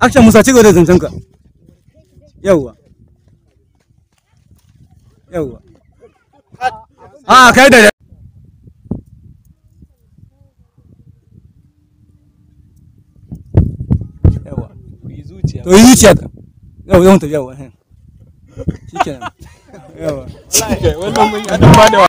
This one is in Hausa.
Action Musa ci gaba da zancen ka. Yawwa. Yawwa. A kai da To yi zuciya ka. Yawwa, yawwa, yawwa. Shikenan. Yawwa. Wallahi, wannan mun yi adaba da